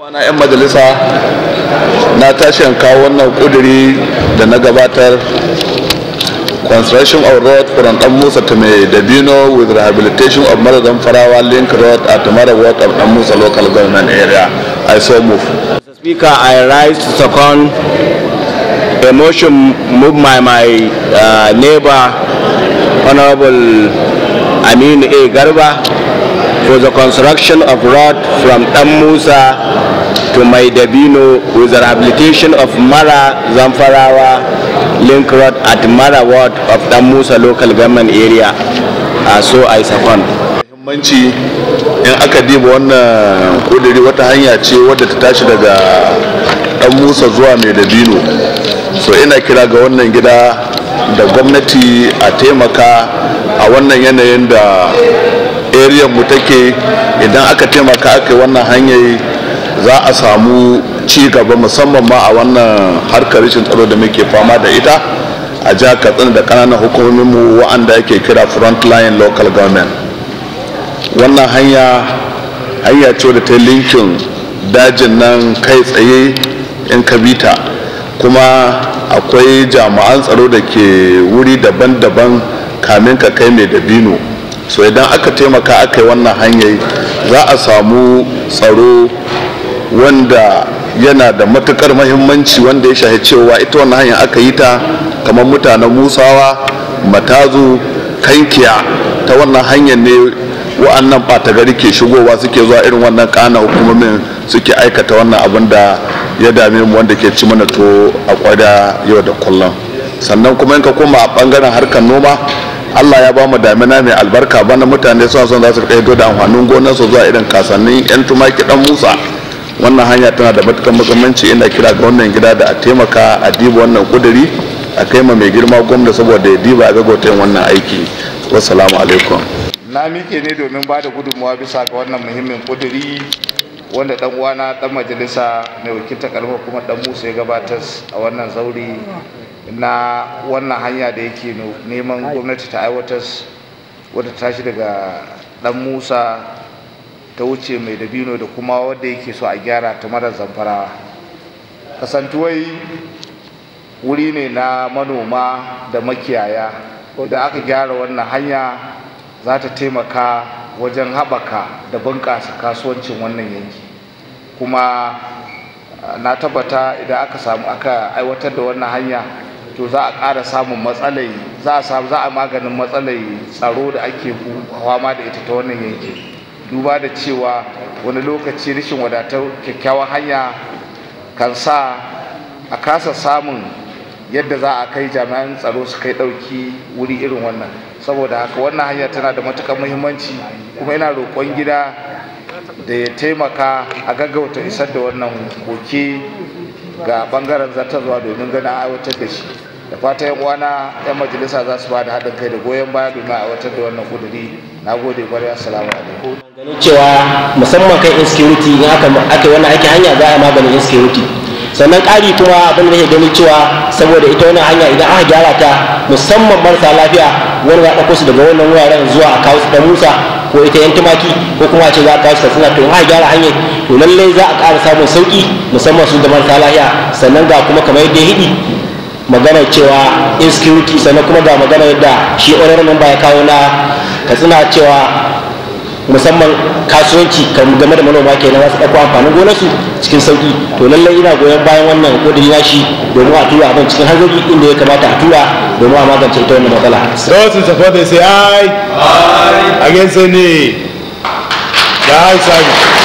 kwana 'yan majalisa na tashi kawo wannan kuduri da na gabatar construction of road from dan musa to mai dabino with rehabilitation of maradon farawa link road at mara road of dan musa local government area i so move mr speaker i rise to second a motion move my my uh, neighbor honorable amin a garba for the construction of road from dan musa to my dabino with the rehabilitation of mara zamfarawa link road at mara ward of dan musa local government area uh, so i second muhimmanci in aka diba wannan kudiri wata hanya ce wadda ta tashi daga dan musa zuwa mai dabino so ina kira ga wannan gida da gwamnati a taimaka a wannan yanayin da area mu take idan aka taimaka aka yi wannan hanyar za a samu ci gaba musamman ma a wannan harkar rashin tsaro da muke fama da ita a jihar katsina da kananan hukumominmu wa'anda ake kira front line local government wannan hanya hanya ce da ta linkin dajin nan kai tsaye in ka bita kuma akwai jami'an tsaro da ke wuri daban-daban kamin ka kai mai dabino so idan aka taimaka aka yi wannan hanyar za a samu tsaro wanda yana da matukar mahimmanci wanda ya shahi cewa ita wannan hanyar aka yi ta kamar mutanen musawa matazu kankiya ta wannan hanyar ne wa'annan ɓata gari ke shigowa suke zuwa irin wannan kana hukumomin suke aikata wannan abin da ya dame mu wanda ke ci mana to a kwada yau da kullum sannan kuma in ka koma a bangaren harkar noma Allah ya ba mu damina mai albarka bana mutane suna son za su kai da amfanin gonar su zuwa irin kasannin yan tumaki dan Musa wannan hanya tana da matukan muhimmanci ina kira ga wannan gida da a taimaka a diba wannan kuduri a kai ma mai girma gwamna saboda ya diba a gaggauta wannan aiki wasu alaikum na mike ne domin ba da gudunmuwa bisa ga wannan muhimmin kuduri wanda dan uwana dan majalisa mai wakilta kalma kuma dan musa ya gabatar a wannan zauri na wannan hanya da yake neman gwamnati ta aiwatar wadda ta shi daga dan musa ta wuce mai dabino da kuma wadda yake so a gyara ta mara zamfarawa kasantuwai wuri ne na manoma da makiyaya da aka gyara wannan hanya za ta taimaka wajen haɓaka da bunƙasa kasuwancin wannan yanki kuma ah, na tabbata idan aka samu aka aiwatar da wannan hanya to za a ƙara samun matsalai za a maganin matsalai tsaro da ake fama da ita ta wannan yanki duba da cewa wani lokaci rashin wadatar kyakkyawan hanya kan sa a kasa samun yadda za a kai jami'an tsaro su kai ɗauki wuri irin wannan saboda haka wannan hanya tana da matuƙar muhimmanci kuma yana roƙon gida da ya taimaka a gaggauta isar da wannan koke ga ɓangaren zartarwa domin ganin aiwatar da shi da fata yan uwana yan majalisa za su bada haɗin kai da goyon baya domin a watar da wannan kuduri na gode kwarai assalamu alaikum ganin cewa musamman kan insecurity in aka aka wannan ake hanya za a maganin insecurity sannan ƙari kuma abin da ganin cewa saboda ita wannan hanya idan aka gyara ta musamman marasa lafiya wani za su daga wannan wuraren zuwa a kawo su da musa ko ita yan tumaki ko kuma a ce za a kawo su suna to in aka gyara hanyar to lallai za a ƙara samun sauki musamman su da marasa lafiya sannan ga kuma kamar yadda ya hidi magana cewa insecurity sannan kuma ga magana yadda shi honorable member ya kawo na suna cewa musamman kasuwanci kan game da manoma kenan wasu ɗauko amfanin gonarsu cikin sauƙi to lallai ina goyon bayan wannan kodin na shi domin a tura abin cikin hanzari inda ya kamata a tura domin a magance ita wannan matsala.